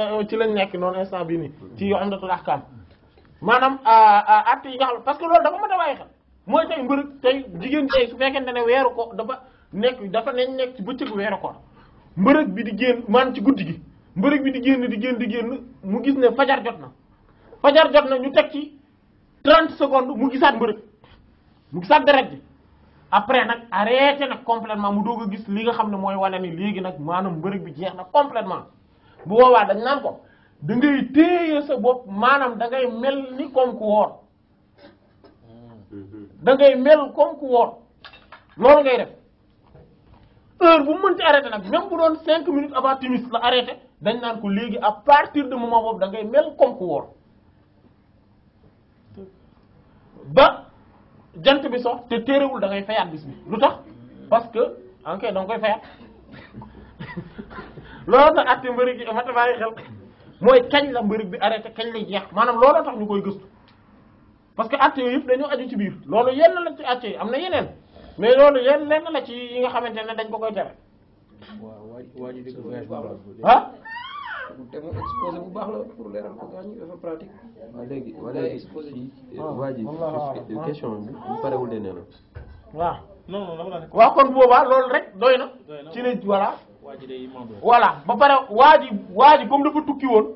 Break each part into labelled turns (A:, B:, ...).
A: ci eh, oh, hmm. eh, eh, ya, lañ kan nek non instant bi ni ci Umdatul Ahkam maanaam at yi nga xam parce que lolu dafa mën a bàyyi xel mooy tey mbër tey jigéen tey su fekkene ne wéru ko dafa nek dafa nañ nek ci bëccëgu weeru koor mbërëg bi di génn man ci guddi gi mbërëg bi di génn di génn di génn mu gis ne fajar jotna fajar jotna ñu tek ci 30 secondes mu gisat mbërëg mu gisat dara ji après nak arrêté nak complètement mu doog gis li nga xamne moy mooy wane ni léegi nag maanaam mbërëg bi jeex na complètement bu boobaa dañ naan ko da ngay téye sa bopp maanaam dangay ngay mel ni koom ku woor mm-hmm. dangay mel comme ku woor loolu ngay def heure bu mu ci arrêté nag même bu doon cinq minutes avant timis la arrêté dañ naan ko léegi à partir de moment boobu da ngay mel comme ku woor ba jant bi soo te téerewul dangay ngay fayaat bis lu tax parce que en tout cas da nga koy fayaat looloo tax atte mbërig gi ma ta xel mooy kañ la mbërig bi arrêté kañ lay jeex maanaam looloo tax ñu koy gëstu parce que atte yooyu yëpp dañoo aju ci biir loolu la ci atte yi am na yeneen mais loolu yenn lenn la ci yi nga xamante ne dañ ko koy tere ah te mu exposé bu baax pour leeral ko gaañu léegi wala exposé eh, ah, waa ji ah. question bi bu parewul de na. waaw non kon boobaa loolu rek doy na. ci ne voilà. voilà ba pare waa ji waa ji dafa tukki woon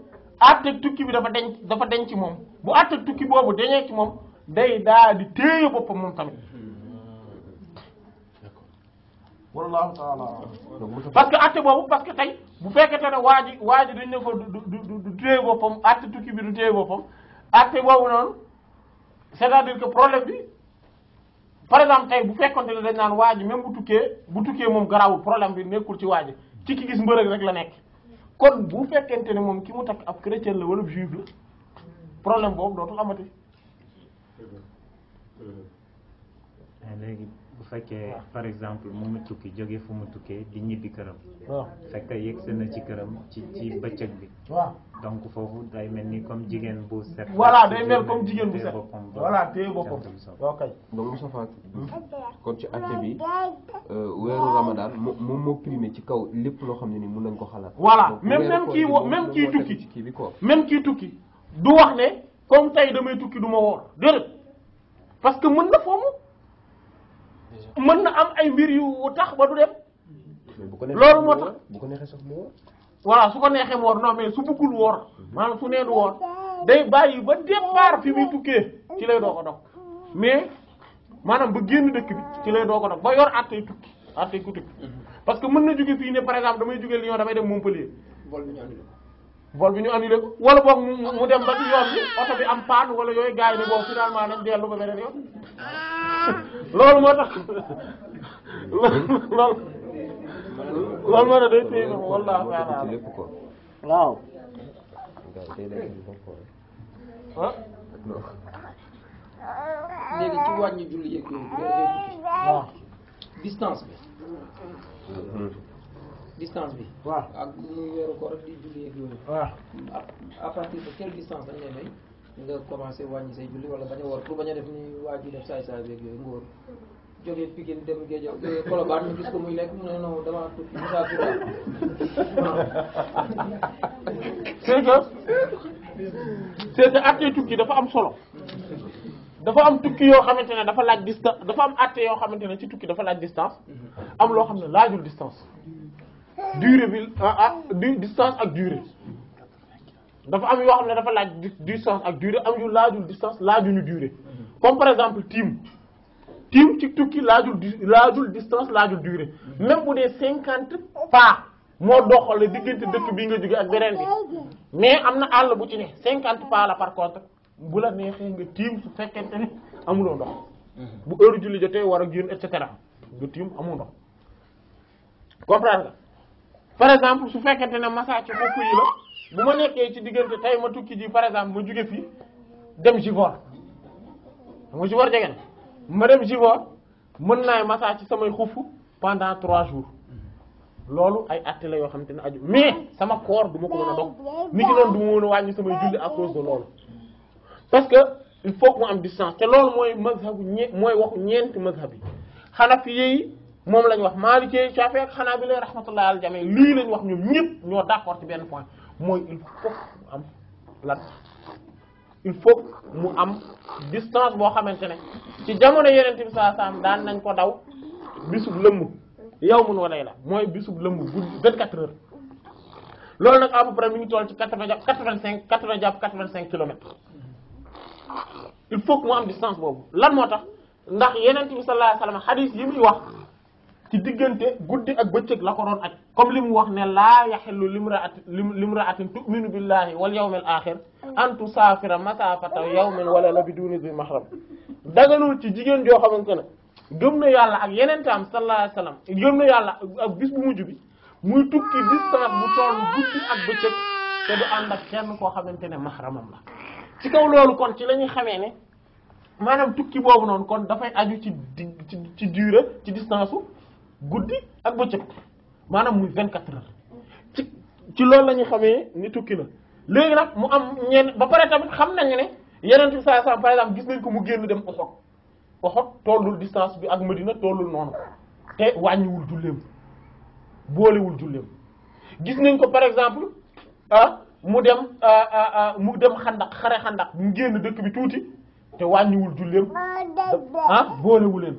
A: àtteeg tukki bi dafa denc dafa denc moom bu àtteeg tukki boobu dañee ci moom day daa di téye boppam moom tamit wallahu taala parce que àtte boobu parce que tey bu fekkete ne waa ji waa ji dañ ne ko du du du téye boppam àtte tukki bi du téye boppam àtte boobu noonu c'est-à-dire que problème bi par exemple tey bu fekkonte ne dañ naan waa ji même bu tukkee bu tukkee moom garawul problème bi nekkul ci waa ji ci ki gis mbërëg rek la nekk kon bu fekkente ne moom ki mu takk ab chrétien la wala juif la problème boobu dootul amati. Ah, léegi Ah. par exemple mu tukki jóge fu mu di ñibi këram. waaw ah. fekk yegsi na ci këram ci ci bëccëg bi. waaw ah. donc fofu day melni comme jigen bu set. voilà day mel comme un bu voilà ok donc hmm? kon ci acte bi euh, Ramadan primé ci kaw ni ko voilà même même ki même ki tukki. même tukki du wax comme damay tukki parce que mën mën na am ay mbir yu tax ba du dem. loolu moo tax bu ko neexee sax mu woor. voilà su ko neexee mu woor non mais su bëggul woor maanaam su nee du woor day bàyyi ba départ fi muy tukkee ci lay doo a dog mais maanaam ba génn dëkk bi ci lay doog a dog ba yor àttee tukki àttee ku tukki parce que mën na jóge fii ne par exemple damay jóge Lyon damay dem Montpellier. vol bi ñu annulé ko wala boog mu mu dem ba ci yoon bi oto bi am paan wala yooyu gars yi ne boobu finalement nañ dellu ba beneen yoon loolu moo tax loolu loolu moo tax day téye na wallaahi waaw waaw. ah. léegi distance bi. waaw ak weeru ko rek di julli ak yooyu. waaw à partir de quelle distance dañ lay may nga commencé wàññi say julli wala bañ a war pour bañ a def ni waa ji def saay saay beeg yooyu nga war jógee Pikine dem Géeja Colobane ñu gis ko muy lekk mu ne non dama tukki Moussa Touré c'est que c'est que tukki dafa am solo dafa am tukki yoo xamante ne dafa laaj distance dafa am àtte yoo xamante ne ci tukki dafa laaj distance mm-hmm. am loo xam ne laajul distance durée ah, ah, distance ak durée dafa am yo distance ak durée am yu laajul distance laajuñu durée comme par exemple Tim, tim ci tukki laajul laajul distance laajul durée même bu des 50 pas moi doxale le dëkk bi nga jóge ak bi mais amna all ne 50 pas la par contre bu la nga su mhm. bu heure julli jotté war a et cetera par exemple su fekkente ne massage ci bopp yi la bu ma nekkee ci diggante tey ma tukki ji par exemple ma jóge fii dem Jivor ma Jivor jege na ma dem Jivor mën naay massage ci samay xufu pendant trois jours loolu ay actes la yoo xamante ne aju mais sama koor du ma ko mën a dog ni ki noonu du ma mën a wàññi samay julli à de loolu parce que il faut mu am distance te loolu mooy mazhabu mooy waxu ñeenti mazhab yi xanafi yi mom lañ wax malike Shafi ak Hanabila rahmatullah al jami li lañ wax ñom ñëpp ño d'accord ci ben point moy il faut am lat il faut mu am distance bo xamantene ci jamono yeneen bi saa daan nañ ko daw bisub lemb yawmun wa layla moy bisub lemb guddi vingt heures lool nak à peu près mi ngi toll ci 85 80 jàpp vingt il faut mu am distance bobu lan motax ndax yeneen bi sallam hadith yi muy wax ci digënté guddi ak bëccëg la ko doon aj comme limu wax ne la yaxillu limraati limraatin tu'minu billahi wal yawmil akhir an tusafira masafata yawmin wala la biduni di mahram dagalul ci digën jo xamantene gëmna yàlla ak yenen tam sallallahu alayhi wasallam gëmna yàlla ak bis bu mujj bi muy tukki distance bu toll guddi ak bëccëg te du ànd ak kenn ko xamantene mahramam la ci kaw lolu kon ci lañu xamé ne manam tukki bobu non kon da fay aju ci ci ci durée ci distance guddi ak bëccëg maanaam muy vingt quatre heures ci ci loolu la ñu xamee ni tukki na léegi nag mu am ñeen ba pare tamit xam nañu ne yeneen saa saa par exemple gis nañ ko mu génn dem Uhud Uhud tollul distance bi ak Medina tollul noonu te wàññiwul julleem boolewul julleem gis nañ ko par exemple ah mu dem ah, ah, ah, mu dem xandak xare xandak mu génn dëkk bi tuuti te wàññiwul julleem ah boolewuleen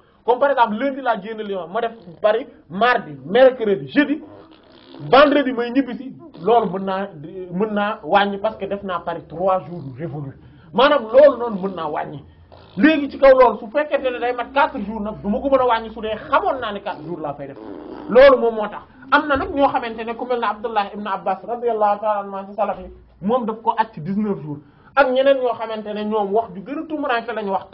A: comme par exemple lundi laa génn Lyon ma def Paris mardi mercredi jeudi vendredi may ñibbi si loolu mën naa mën naa wàññi parce que def naa Paris trois jours révolu maanaam loolu noonu mën naa wàññi léegi ci kaw loolu su fekkente ne day mat quatre jours nag duma ko mën a wàññi su dee xamoon naa ne quatre jours laa fay def loolu moom moo tax am na nag ñoo xamante ne ku mel ne Abdullah ibn Abbas radiyallahu ta'ala anhuma ci salaf yi moom daf ko at ak ñeneen ñoo xamante ne ñoom wax ju gën a tumuraanke lañ wax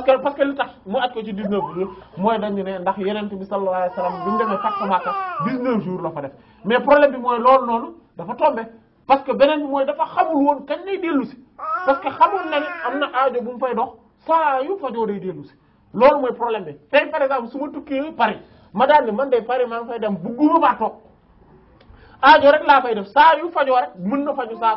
A: parce que parce que li tax mu at ko ci 19 jours mooy dañu ne ndax yeneen bi sallallahu alayhi wasallam bi mu demee Fathu Makka 19 jours la fa def mais problème bi mooy loolu noonu dafa tombé parce que beneen bi mooy dafa xamul woon kañ lay dellu si parce que xamul na ne am na aajo bu mu fay dox saa yu fajoo day dellu si loolu mooy problème bi tey par exemple su ma tukkee Paris ma daal man de Paris ma ngi fay dem bugguma baa toog aajo rek laa fay def sa yu fajoo rek na faju saa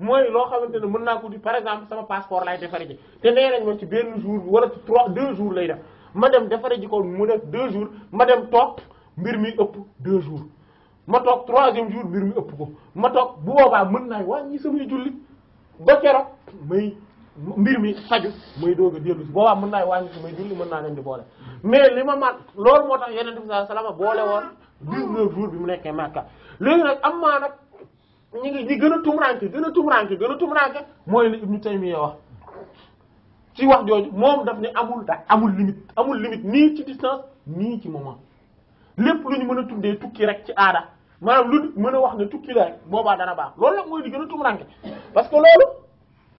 A: mooy loo xamante ne mën naa ko di par exemple sama passeport lay defaree ji te nee nañ ma ci benn jour wala ci trois deux jours lay def ma dem defaree ji ko mu def deux jours ma dem toog mbir mi ëpp deux jours ma toog troisième jour mbir mi ëpp ko ma toog bu boobaa mën naa wàññi samay julli ba keroog may mbir mi xaju may doog a dellu si boobaa mën naa wàññi samay julli mën naa leen di boole mais li ma mat loolu moo tax yeneen bi sallallahu alayhi boole woon dix bi mu nekkee Makka léegi nag am maa nag ñi ngi ñi gën a tumuranke gën a tumuranke gën a tumuranke mooy li Ibnu Taymiyya wax ci wax jooju moom daf ne amul da amul limite amul limite nii ci distance nii ci moment lépp lu ñu mën a tuddee tukki rek ci aada maanaam lu mën a wax ne tukki la rek boobaa dana baax loolu la mooy di gën a tumuranke parce que loolu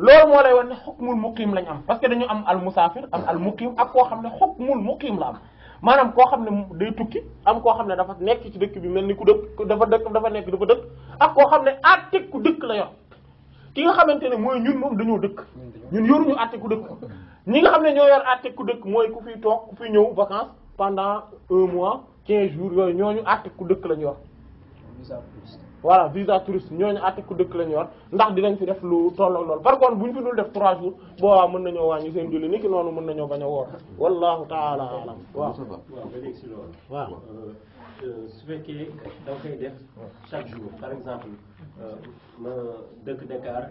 A: de moo lay des hukmul mukim lañ am parce que dañu am al musafir am al mukim ak ko la am manam ko xam day tukki am ko nous dafa nekk ci dëkk bi melni ku dëkk dafa dëkk dafa nekk dafa dëkk ak ko nous la yor ki nga Nous moy ñun mom dañu dëkk ñun yoruñu ku ñi nga ku vacances pendant un mois quinze jours ñoñu ñooñu lañ voilà visa touriste ñooñu ku dëkk la ñu yor ndax dinañ fi def lu tolloog lool par contre bu ñu fi dul def 3 jours boobaa mën nañoo wàññi seen julli ni ki noonu mën nañoo bañ a woor wallahu taala alam waaw waaw euh, su fekkee da nga def chaque jour par exemple euh, ma dëkk Dakar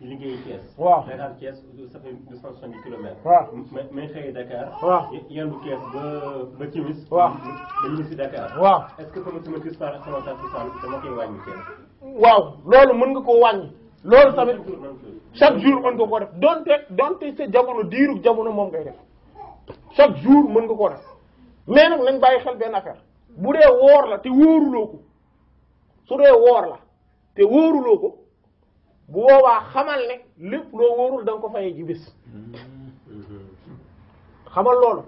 A: liggéey Thiès. waaw xeexal Thiès ça fait deux cent soixante dix waaw may may xëy Dakar. waaw yendu Thiès ba ba Timis. waaw ba ñu si Dakar. waaw est-ce que sama sama cristal ak sama taxisane dama waaw loolu mën nga koo wàññi. loolu tamit chaque jour mën nga koo def donte donte sa jamono diiru jamono moom ngay def chaque jour mën nga koo def mais nag nañ bàyyi xel benn affaire bu dee woor la te wóoruloo ko su dee woor la te wóoruloo ko. bu boobaa xamal ne lip loo wóorul da nga ko fayee ji bis xamal loolu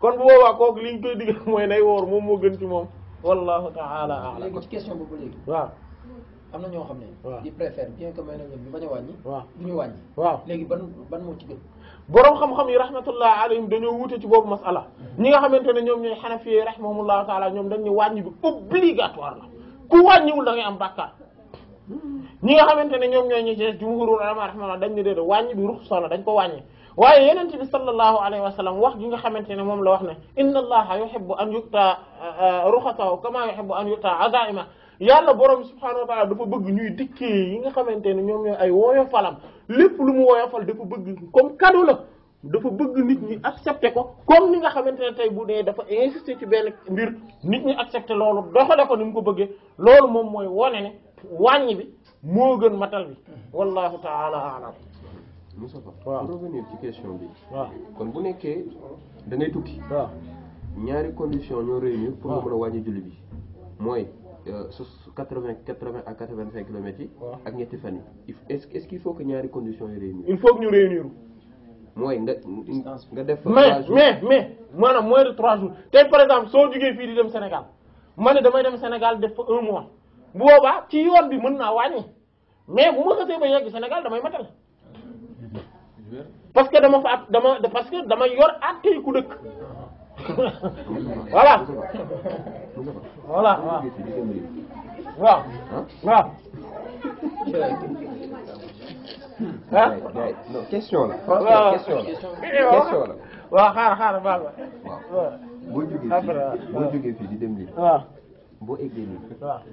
A: kon bu boobaa kooku liñ koy digal mooy nay wóor moom moo gën ci moom wallahu ta'ala a'lam léegi ci question boobu léegi na ñoo xam ne waaw di préfère bien que may na ñoom a wàññi waaw waaw léegi ban ban moo ci gën boroom xam-xam yi rahmatullah alayhim dañoo wuute ci boobu masala ni nga xamante ne ñoom ñooy xanafiye rahimahumullahu taala ñoom dañ ñu wàññi bi obligatoire la ku wàññiwul da ngay am bàkkaar ñi nga xamante ne ñoom ñooy ñi ci jumhurul ulama rahimahullah dañ ne déedéet wàññi bi ruxsa la dañ ko wàññi waaye yeneen ci bi sallallahu alayhi wa sallam wax gi nga xamante ne moom la wax ne inna allaha a an yu'ta ruxsahu kama yuhibbu an yu'ta uh, azaima yàlla borom subhanahu wa ta'ala dafa bëgg ñuy dikkee yi nga xamante ne ñoom ñooy ay woyofalam lépp lu mu woyofal dafa bëgg comme cadeau la dafa bëgg nit ñi accepté ko comme ni nga xamante ne tey bu dee dafa insister ci benn mbir nit ñi accepté loolu doxale ko ni mu ko bëggee loolu moom mooy wone wàññi bi mo gën matal bi hmm. wallahu taala alam Moustapha pour revenir ci question bi kon bu nekké da ngay tukki ñaari condition ñoo réunir pour nga mën a wàññi julli bi mooy euh, su quatre à quatre vingt ak ñetti fan est-ce est-ce qu'il faut que ñaari condition yi réunir il faut que ñu réunir moy nga def mais mais mais maanaam moins de 3 jours tey par exemple so jugee fi di dem Sénégal mané damay dem Sénégal def fa un mois bu boobaa ci yoon bi mën naa wàññi mais bu ma ba yegg Sénégal damay matal parce que dama fa dama parce que dama yor ku dëkk voilà voilà waaw waaw waaw ah non question la. waaw question la question la. waaw xaaral xaaral baal ma. waaw boo jógee fii boo jógee fii di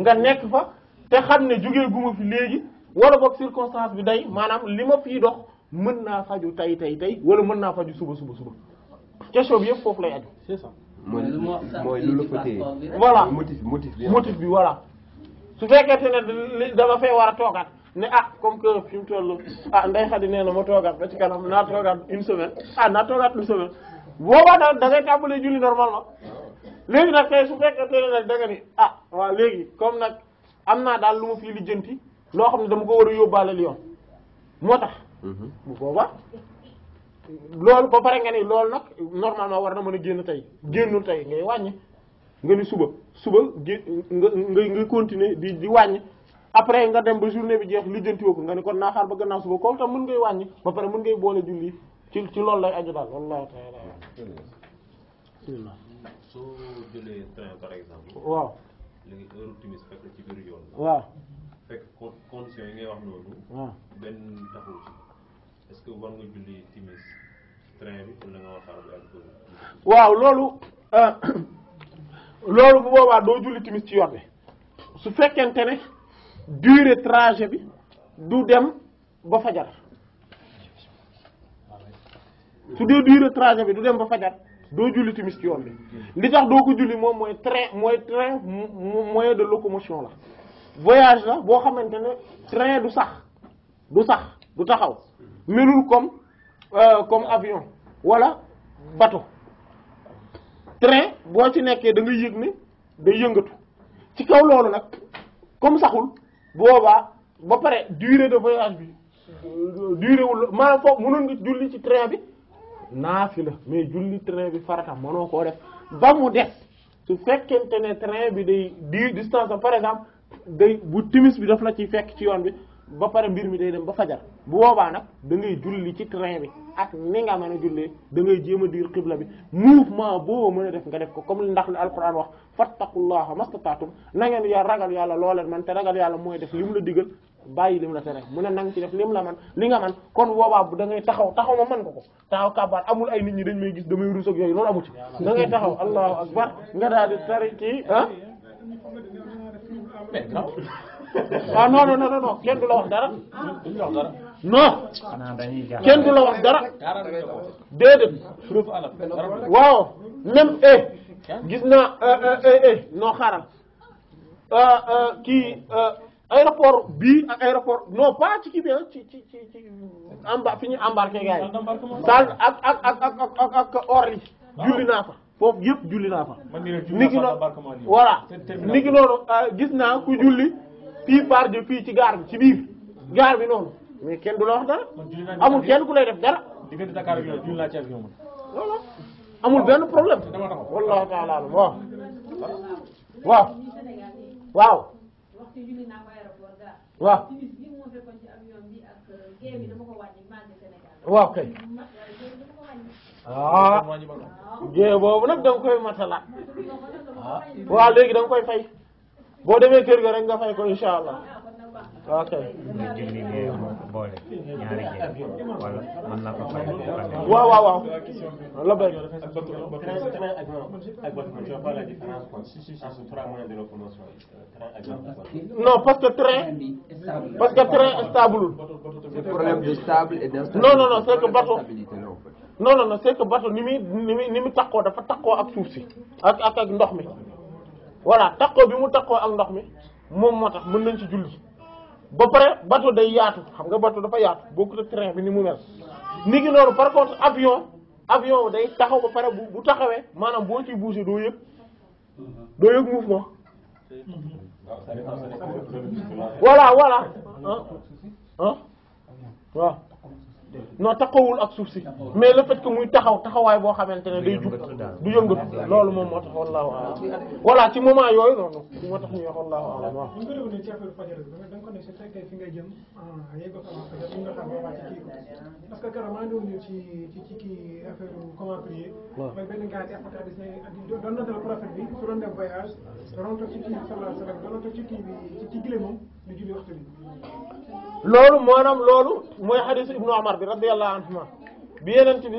A: nga nekk fa te xam ne jugee guma fi léegi wala boog circonstance bi day maanaam li ma fii dox mën naa faju tey tey tey wala mën naa faju suba suba suba question bi yëpp foofu lay aju c'est ça mooy mooy lu la fa téye voilà motif motif bi motif su fekkente ne dama fee war a toogaat ne ah comme que fi mu toll ah nday xadi nee na ma toogaat ba ci kanam naa toogaat une semaine ah naa toogaat une semaine boobaa da ngay tàmbalee julli normalement léegi nag tey su fekkente ne nag nga ni ah waaw léegi comme nag am naa daal lu ma fii lijjanti loo xam ne dama ko war a yóbbaale Lyon moo tax. Mhm. bu boobaa loolu ba pare nga ni loolu nag normalement war na mën a génn tey génnul tey ngay wàññi nga ni suba suba gé nga nga nga continuer di di wàññi. après nga dem ba journée bi jeex lijjanti woo ko nga ni kon naa xaar ba gannaaw suba kooku tam mën ngay wàññi ba pare mën ngay boole julli ci ci loolu lay aju daal wallaahi taala soo jëlee train par waaw yi ngay wax noonu. waaw benn waaw loolu euh, loolu bu boobaa doo julli timis ci yor bi su fekkente ne durée trajet bi du dem ba fajar su dee durée trajet bi du dem ba fajar. do julli timis ci yoon bi li tax do ko julli mom moy train moy train moyen de locomotion la voyage la bo xamantene train du sax du sax du taxaw melul comme euh comme avion wala bateau train bo ci nekké da nga yegni da yeungatu ci kaw lolu nak comme saxul boba ba paré durée de voyage bi durée wul maanaam foofu mënoon nga julli ci train bi la mais julli train bi farata mënoo koo def ba mu des su fekkente ne train bi day di distance par exemple day bu timis bi daf la ci fekk ci yoon bi ba pare mbir mi day dem ba fajar bu boobaa nag da ngay julli ci train bi ak ni nga mën a jullee da ngay a diir xibla bi mouvement boo mën a def nga def ko comme ndax li alquran wax fattaqullaha mastataatum na ngeen ragal yàlla looleen man te ragal yàlla mooy def li mu la digal bàyyi lim la tere mu ne nang ci def lim la man li nga man kon boobaa da ngay taxaw taxaw ma man ko ko taxaw kabaar amul ay nit ñi dañ may gis damay rus ak yooyu loolu amu ci da ngay taxaw allahu akbar nga daal di kii ah ah non non kenn du la wax dara non kenn du la wax dara déedéet waaw même eh gis naa eh eh, eh, eh non xaaral ah, ah, kii ah, aéroport bii ak aéroport non pas ci kii bi ah, ci ci ci ci emba fi ñu embarqué gars yi. daal ak ak ah. julli naa foofu yëpp julli naa fa. man niki noonu voilà niki ah, gis naa ku julli fii par de fii ci gaar bi ci biir gaar bi noonu mais kenn du la wax dara. amul kenn ku lay def dara. diggante Dakar ak yooyu julli amul benn problème. wallahu taala waaw waaw waaw. waaw waaw kay ah géej boobu nag da nga koy matala ah. waaw léegi da nga koy fay boo demee kër ga rek nga fay ko incha allah ok. muy julli bee boole ñaari jéeg waaw waaw waaw. non parce que train. parce que train stable. c'est problème de stable et d'instabilité. non non non c'est que non non non c'est ni muy ni mi ni takkoo dafa takkoo ak suuf si. ak ak ak ndox mi. voilà takkoo bi mu takkoo ak ndox mi moom moo tax mën nañ ci julli. ba pare bato day yaatu xam nga bateau dafa yaatu bokkut ak train bi ni mu mel ni ngi noonu par contre avion avion day taxaw ba pare bu bu taxawee maanaam boo ciy bougé doo yëg doo yëg mouvement voilà voilà ah ah non taxawul ak suuf si mais le fait que muy taxaw taxawaay boo xamante ne day jug du yëngatu loolu moom moo tax wallaahu alam voilà ci moment yooyu noonu moo tax ñu wax wallaahu alam waaw. parce que keroog maa ngi doon ñëw ci ci kii affaire comment loolu mooy hadith Ibnu Umar bi radiyallahu anhu bi yenent bi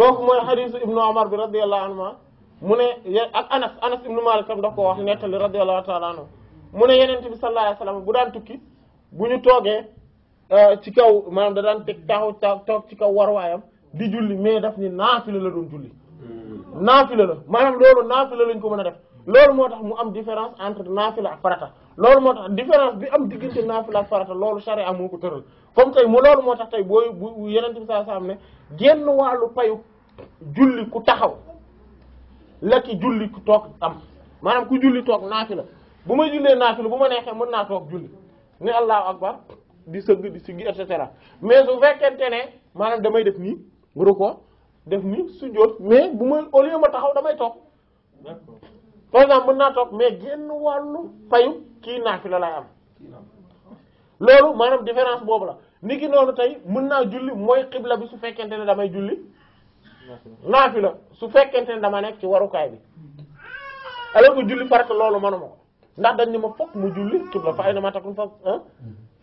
A: kok moy hadith ibnu umar bi radiyallahu anhu mune ak anas anas ibnu malik tam dako wax netal radiyallahu taala anhu mune ne bi sallallahu alayhi wasallam bu daan tukki buñu toge ci kaw manam da dan tek taxu tok ci kaw warwayam di julli mais daf ni naafila la doon julli naafila la maanaam loolu naafila lañ ko meuna def lolu motax mu am différence entre naafila ak farata loolu moo tax différence bi am diggante naafila ak farata loolu sharia moo ko tëral comme tay mu loolu moo tax tey booy bu yeneen bi saa am ne genn wàllu payu julli ku taxaw la ki julli ku toog am maanaam ku julli toog naafila bu may jullee naafila bu ma neexee mën naa toog julli ni allahu akbar di sëgg di siggi et cetera mais su fekkente ne maanaam damay def nii ruko def nii sujjóot mais bu ma au lieu ma taxaw damay toog par exemple mën naa toog mais génn wàllu payu kii naafila laay am loolu maanaam différence boobu la ni ki noonu tey mën naa julli mooy xibla bi su fekkente ne damay julli naafila su fekkente ne dama nekk ci warukaay bi alors que julli farata loolu manuma ko ndax dañ ni ma fokk mu julli xibla fa ay na ma takun fa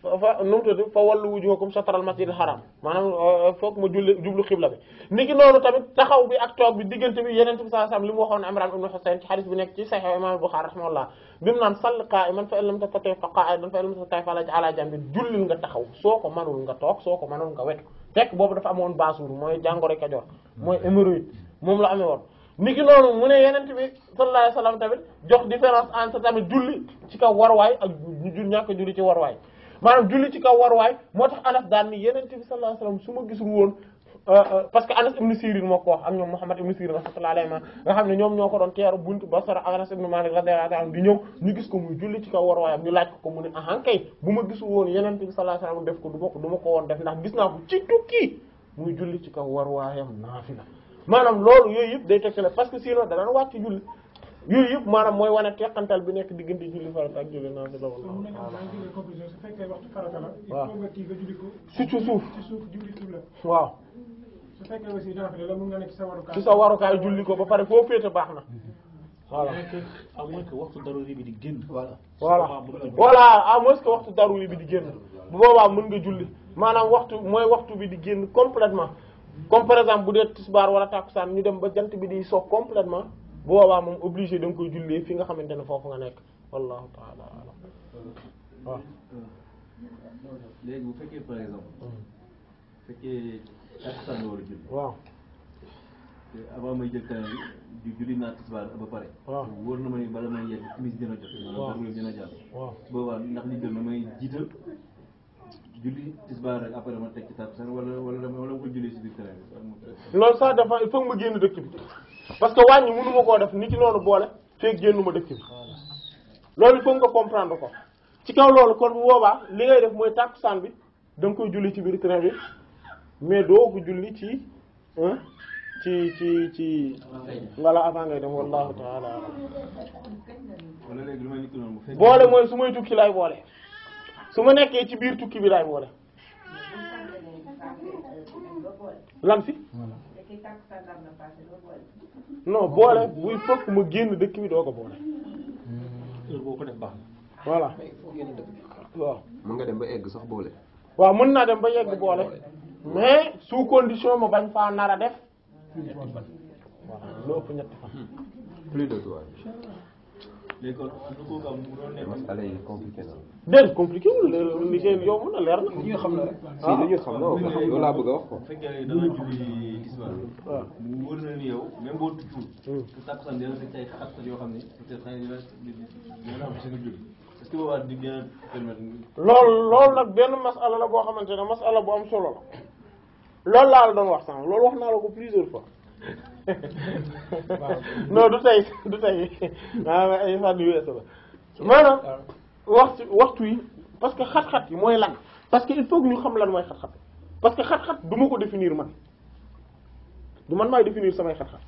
A: fa nu mu tudd fa wallu al shatral masjidil haram manam foog mo djublu jublu bi niki nonu tamit taxaw bi ak tok bi digeenti bi yenen tou sallallahu limu wasallam li Imran ibn Husayn ci hadith bi nek ci Sahih imam Bukhari rahimahullah bi mu naan sall qa'iman fa in lam tastati' fa qa'idan fa in lam tastati' fa ala jambi jullil nga taxaw soko manul nga tok soko manul nga wet tek bobu dafa amone basour moy jangore Kajoor moy hémorroïde mom la amé won niki nonu mune yenen tou bi sallallahu alayhi wasallam tamit jox différence entre tamit djulli ci kaw warway ak ñàkk julli ci warway maanaam julli ci kaw waruwaay moo tax Anas daan ni yeneen bi euh, euh, am ñoom Muhammad ibn Sirin rahmatullahi alayhi nga xam ne ñoom ñoo ko doon teeru ma gisul woon bi sallallahu alayhi wasallam def ko du ma ko maanaam loolu yooyu yëpp day tegtale parce que sinon danaan wàcc julli yooyu yëpp maanaam mooy wane teqantal bi nekk diggante julli farata ak julli naafila waaw surtout suuf waaw ci sa warukaay julli ko ba pare foo féete baax na voilà à moins que waxtu daruri bi di génn voilà voilà à moins que waxtu daruri bi di génn bu boobaa mën nga julli maanaam waxtu mooy waxtu bi di génn complètement comme par exemple bu dee tisbaar wala takkusaan ñu dem ba jant bi di sox complètement boobaa moom obligé da koy jullee fi nga xamantene fofu nga nek wallahu taala wa waaw léegi bu fekkee par exemple hmm. fekkee takkusaan war a wa avant may jël kanam bi julli naa tisbaar ba pare waaw na ma ni bala may yegg timis dina jot wala dina jàll boobaa ndax li jël na may jiital julli tisbaar rek après ma wala wala wala ko julli si biir loolu ça dépend il génn dëkk bi parce que wàññi mënu ma koo def nit ki noonu boole feeg génnu ma dëkk bi loolu il nga comprendre ko ci kaw loolu kon boobaa li ngay def mooy tàkkusaan bi da nga koy julli ci biir terrain bi mais doo ko julli ci ci ci ci wala avant ngay dem wallahu taala boole mooy su may tukki lay boole. su ma nekkee ci biir tukki bi laay boole lan si boole buy fokk ma génn dëkk bi doo ko boole boo waaw mën nga dem ba egg sax boole waaw mën naa dem ba yegg boole mais sous condition ma bañ faa nar a def masala ben, compliqué le, compliqué il na la rek. si a wax ko. un julli ni yow même a il bien. un est-ce que di permettre. benn masala la masala bu am solo la. la wax la plusieurs fois. non du tey du tey maanaam ay fan yu la maanaam waxtu waxtu yi parce que xat-xat yi mooy lan parce que il faut ñu xam lan mooy xat-xat parce que xat-xat du ma ko definiir man du man maay définir samay xat-xat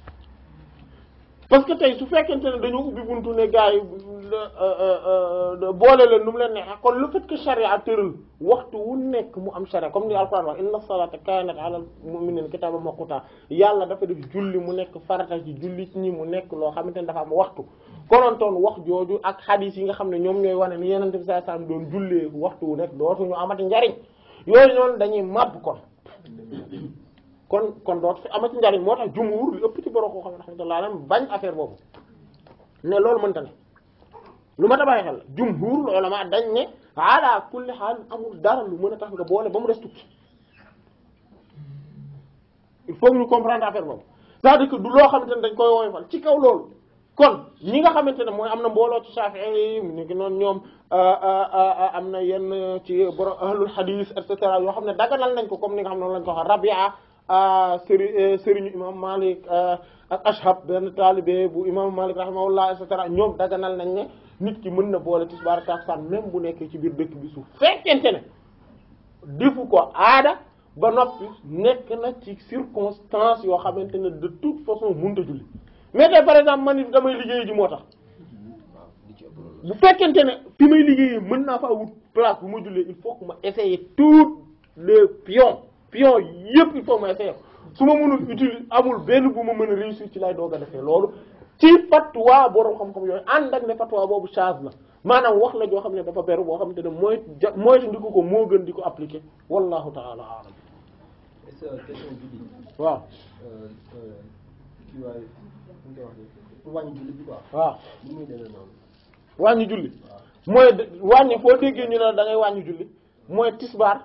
A: parce que tey su fekkente ne dañoo ubbi buntu ne gars yi euh, euh, euh, boole leen nu mu leen neexee kon le fait que charia tëral waxtu wu nekk mu am charia comme ni alquran wax inna salata kanat ala mu'minina kitaba maquta yàlla dafa def julli mu nekk farata ci julli ci ñi mu nekk loo xamante ne dafa am waxtu konontoon wax jooju ak xadiis yi nga xam ne ñoom ñooy wane ni yenente bi sallallahu alayhi wasallam doon jullee waxtu wu nekk dootuñu amati njariñ yooyu noonu dañuy màbb kon kon kon dootu fi amati njariñ moo tax jumhur lu ëpp ci borom koo xam ne rahmatullah mu bañ affaire boobu ne loolu mënta ne lu ma tabaay xel jumhur ulama dañ ne ala kulli xaal amul dara lu mën a tax nga boole ba mu def tukki il faut ñu comprendre affaire boobu c'est-à-dire que du loo xamante ne dañ koy woyofal ci kaw loolu kon ñi nga xamante ne mooy am na mbooloo ci Shafi'i i ñu ngi noonu ñoom euh, euh, euh, am na yenn ci borom ahlul hadis et cetera yoo xam ne daganal nañ ko comme ni nga xam ne noonu lañ ko wax Rabia sëri e sëriñu imam Malik ak Ashhab benn taalibe bu imam Malik rahimahullah et cetera ñoom daganal nañ ne nit ki mën na boole tisbaar taksaan même bu nekkee ci biir dëkk bi su fekkente ne defu ko aada ba noppi nekk na ci circonstance yoo xamante ne de toute façon mënut a julli mais par exemple man it damay liggéey ji moo tax bu fekkente ne fi may liggéeyee mën naa faa wut place bu ma jullee il faut que ma essayer tous les pions pion yëpp il ma essayer su ma mënul utiliser amul benn bu ma mën a réussir ci lay doog a defee loolu ci fatwa borom xam-xam yooyu ànd ak ne fatwa boobu change la maanaam wax la joo xam ne dafa beru boo xam ne mooy mooy ndiku ko moo gën di ko appliquer wallahu ta'ala a'lam waaw euh, euh, wàññi julli quoi waaw wàññi julli mooy wàññi foo déggee ñu ne da ngay wàññi julli mooy tisbaar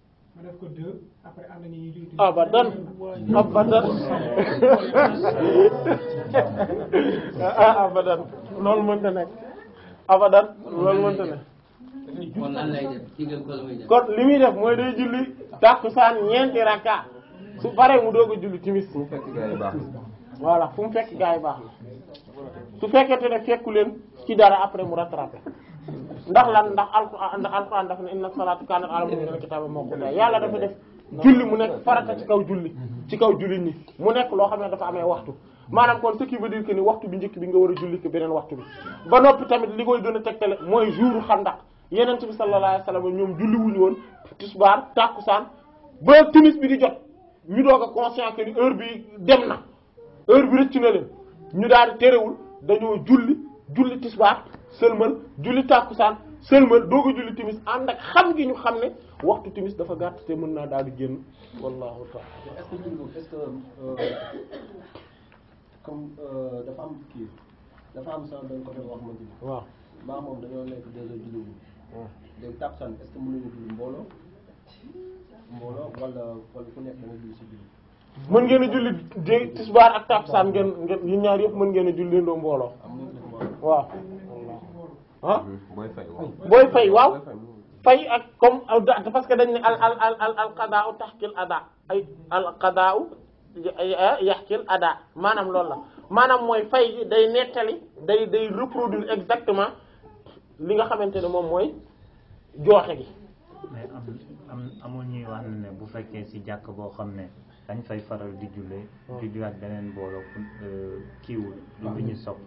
A: abadan abadan abadan loolu mënta nekk abadan ah, loolu mënta nekk kon li muy def mooy day julli tàkkusaan ñeenti rakka su paree mu doog a julli timis fu mu fekk gaa baax na fu mu fekk gaa yi baax na su fekkete ne fekku leen ci dara après mu rattrapé ndax lan ndax alquran ndax alquran daf ne inna salata kanat ala mu'minina kitaban mawquta yàlla dafa def julli mu nekk farata ci kaw julli ci kaw julli ni mu nekk loo xam ne dafa amee waxtu maanaam kon ce qui veut dire que ni waxtu bi njëkk bi nga war a julli ko beneen waxtu bi ba noppi tamit li koy gën a tegtale mooy jour xandax yenent bi sallallahu alayhi wasallam ñoom julli wuñu woon tisbaar tàkkusaan ba timis bi di jot ñu doog a conscient que ni heure bi na heure bi rëcc na leen ñu daal di terewul dañoo julli julli tisbaar sëlmal julli tàkkusaan sëlmal doog a julli timis ànd ak xam gi ñu xam ne waxtu timis dafa gàtt te mën naa daal di génn wallahu ta'ala est-ce que euh, euh, dafa am kii dafa am sama benn côté boo xamante ni waaw mën ngeen a julli de tisbaar ak tàkkusaan ngeen ngeen ñaar yëpp mën ngeen a julli ndoo mbooloo waaw ah booy fay waaw fay ak comme parce que dañ ne al al al al al qada'u tahkil ada ay al qada'u yahkil ada maanaam loolu la maanaam mooy fay day nettali day day reproduire exactement li nga xamante ne moom mooy jooxe gi. mais am amul ñuy wax ne bu fekkee ci jàkk boo xam ne dañ fay faral di jullee. Hmm. di diwaat beneen mbooloo euh, kiiwul lu ñu sopp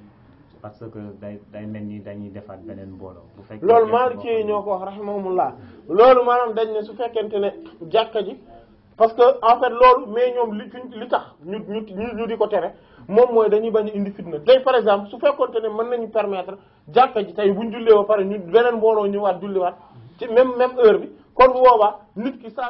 A: parce que day day mel ni dañuy defaat beneen mbooloo. bu fekkee loolu Maliki ñoo ko wax rahimahumullah loolu maanaam dañ ne su fekkente ne jàkka ji parce que en fait loolu mais ñoom li li tax ñu ñu ñu di ko tere moom mooy dañuy bañ indi fitna tey par exemple su fekkonte ne mën nañu permettre jàkka ji tey buñ jullee ba pare ñu beneen mbooloo ñëwaat julliwaat ci même même heure bi kon bu nit ki saa.